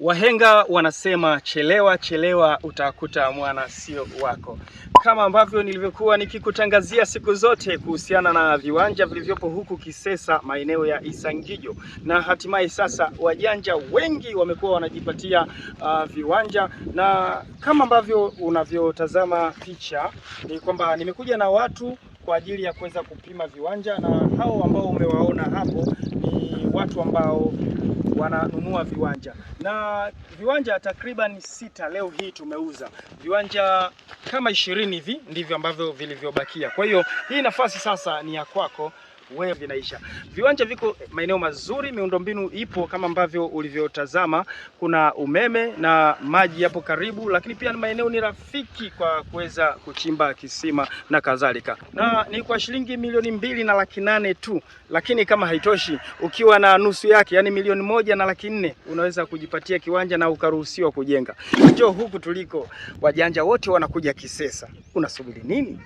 Wahenga wanasema chelewa chelewa utakuta mwana sio wako. Kama ambavyo nilivyokuwa nikikutangazia siku zote kuhusiana na viwanja vilivyopo huku Kisesa, maeneo ya Isangijo, na hatimaye sasa wajanja wengi wamekuwa wanajipatia uh, viwanja, na kama ambavyo unavyotazama picha ni kwamba nimekuja na watu kwa ajili ya kuweza kupima viwanja, na hao ambao umewaona hapo ni watu ambao wananunua viwanja na viwanja takriban sita leo hii tumeuza viwanja kama ishirini hivi ndivyo ambavyo vilivyobakia. Kwa hiyo hii nafasi sasa ni ya kwako wewe vinaisha. Viwanja viko maeneo mazuri, miundombinu ipo kama ambavyo ulivyotazama, kuna umeme na maji yapo karibu, lakini pia maeneo ni rafiki kwa kuweza kuchimba kisima na kadhalika, na ni kwa shilingi milioni mbili na laki nane tu. Lakini kama haitoshi, ukiwa na nusu yake, yani milioni moja na laki nne unaweza kujipatia kiwanja na ukaruhusiwa kujenga. Njoo huku tuliko, wajanja wote wanakuja Kisesa. Unasubiri nini?